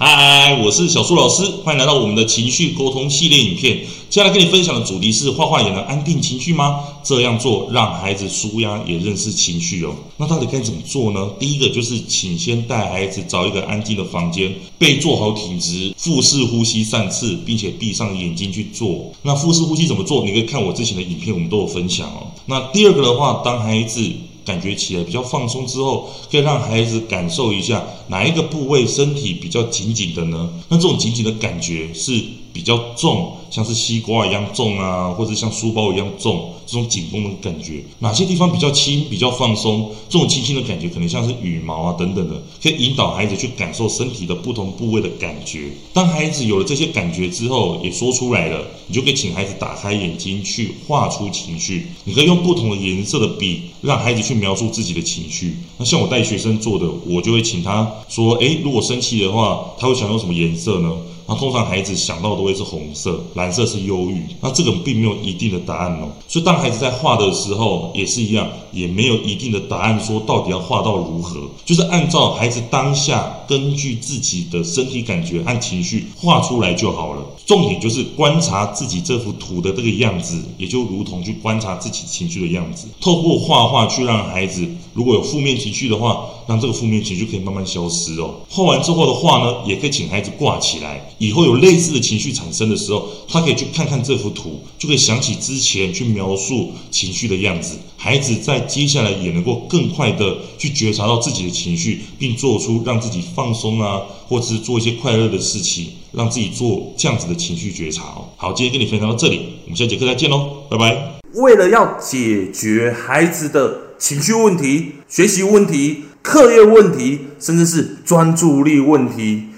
嗨，Hi, 我是小樹老師，歡迎來到我們的情緒溝通系列影片。接下來跟你分享的主題是畫畫也能安定情緒嗎？這樣做讓孩子紓壓也認識情緒哦。那到底該怎麼做呢？第一個就是請先帶孩子找一個安靜的房間，背坐好、挺直，腹式呼吸三次，並且閉上眼睛去做。那腹式呼吸怎麼做？你可以看我之前的影片，我們都有分享哦。那第二個的話，當孩子。感覺起來比較放鬆之後，可以讓孩子感受一下哪一個部位身體比較緊緊的呢？那這種緊緊的感覺是比較重。像是西瓜一樣重啊，或者像書包一樣重，這種緊繃的感覺，哪些地方比較輕、比較放鬆？這種輕輕的感覺，可能像是羽毛啊等等的，可以引導孩子去感受身體的不同部位的感覺。當孩子有了這些感覺之後，也說出來了，你就可以請孩子打開眼睛去畫出情緒。你可以用不同的顏色的筆，讓孩子去描述自己的情緒。那像我帶學生做的，我就會請他說：“誒，如果生氣的話，他會想用什麼顏色呢？”那通常孩子想到的都會是紅色，藍色是憂鬱。那這個並沒有一定的答案哦。所以當孩子在畫的時候也是一樣，也沒有一定的答案，說到底要畫到如何，就是按照孩子當下根據自己的身體感覺和情緒畫出來就好了。重點就是觀察自己這幅圖的這個樣子，也就如同去觀察自己情緒的樣子。透過畫畫去讓孩子，如果有負面情緒的話，讓這個負面情緒可以慢慢消失哦。畫完之後的畫呢，也可以請孩子掛起來。以後有類似的情緒產生的時候，他可以去看看這幅圖，就會想起之前去描述情緒的樣子。孩子在接下來也能夠更快地去覺察到自己的情緒，並做出讓自己放鬆啊，或者是做一些快樂的事情，讓自己做這樣子的情緒覺察哦。好，今天跟你分享到這裡，我們下節課再見嘍，拜拜。為了要解決孩子的情緒問題、學習問題、課業問題，甚至是專注力問題。